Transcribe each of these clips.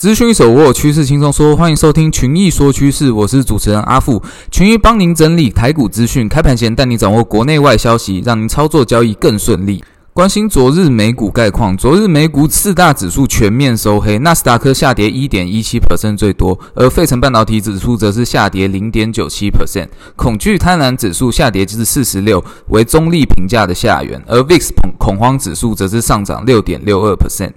資訊一手握，趨勢輕鬆說。歡迎收聽群益說趨勢，我是主持人阿富。群益幫您整理台股資訊，開盤前帶您掌握國內外消息，讓您操作交易更順利。關心昨日美股概況，昨日美股四大指數全面收黑，納斯達克下跌一點一七 percent 最多，而費城半導體指數則是下跌零點九七 percent。恐懼貪婪指數下跌至四十六，為中立評價的下緣，而 VIX 恐慌指數則是上漲六點六二 percent。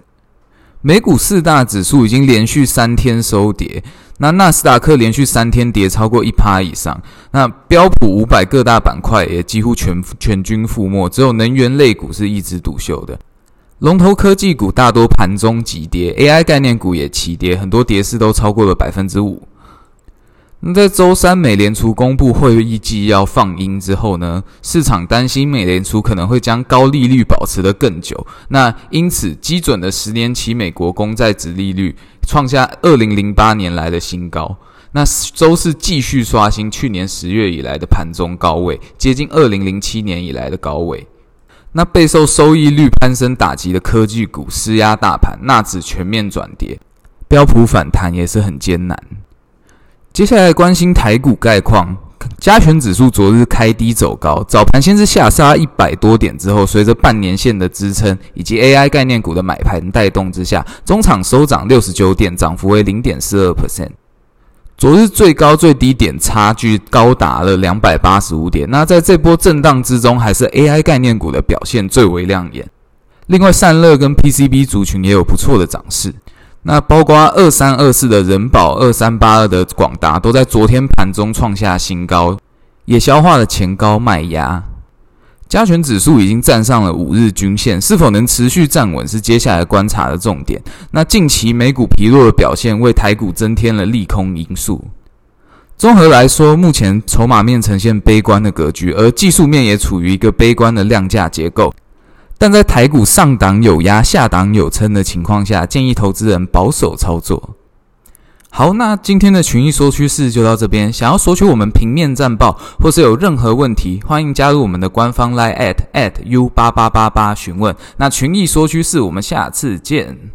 美股四大指數已經連續三天收跌，那納斯達克連續三天跌超過一趴以上，那標普五百各大板塊也幾乎全全軍覆沒，只有能源類股是一枝獨秀的。龍頭科技股大多盤中急跌，AI 概念股也齊跌，很多跌勢都超過了百分之五。那在週三美聯儲公布會議紀要放鷹之後呢，市場擔心美聯儲可能會將高利率保持得更久，那因此基準的十年期美國公債殖利率創下二零零八年來的新高。那週四繼續刷新去年十月以來的盤中高位，接近二零零七年以來的高位。那備受收益率攀升打擊的科技股施壓大盤，納指全面轉跌，標普反彈也是很艱難。接下來關心台股概況，加權指數昨日開低走高，早盤先是下殺一百多點之後，隨着半年線的支撐以及 AI 概念股的買盤帶動之下，中場收漲六十九點，漲幅為零點四二 percent。昨日最高最低點差距高達了兩百八十五點，那在這波震盪之中，還是 AI 概念股的表現最為亮眼。另外，散熱跟 PCB 族群也有不錯的漲勢。那包括二三二四的仁寶，二三八二的廣達，都在昨天盤中創下新高，也消化了前高賣壓，加權指數已經站上了五日均線，是否能持續站穩是接下來觀察的重點。那近期美股疲弱的表現，為台股增添了利空因素。綜合來說，目前籌碼面呈現悲觀的格局，而技術面也處於一個悲觀的量價結構。但在台股上檔有壓、下檔有撐的情況下，建議投資人保守操作。好，那今天的群益說趨勢就到這邊。想要索取我們平面戰報，或是有任何問題，歡迎加入我們的官方 LINE at u 八八八八詢問。那群益說趨勢，我們下次見。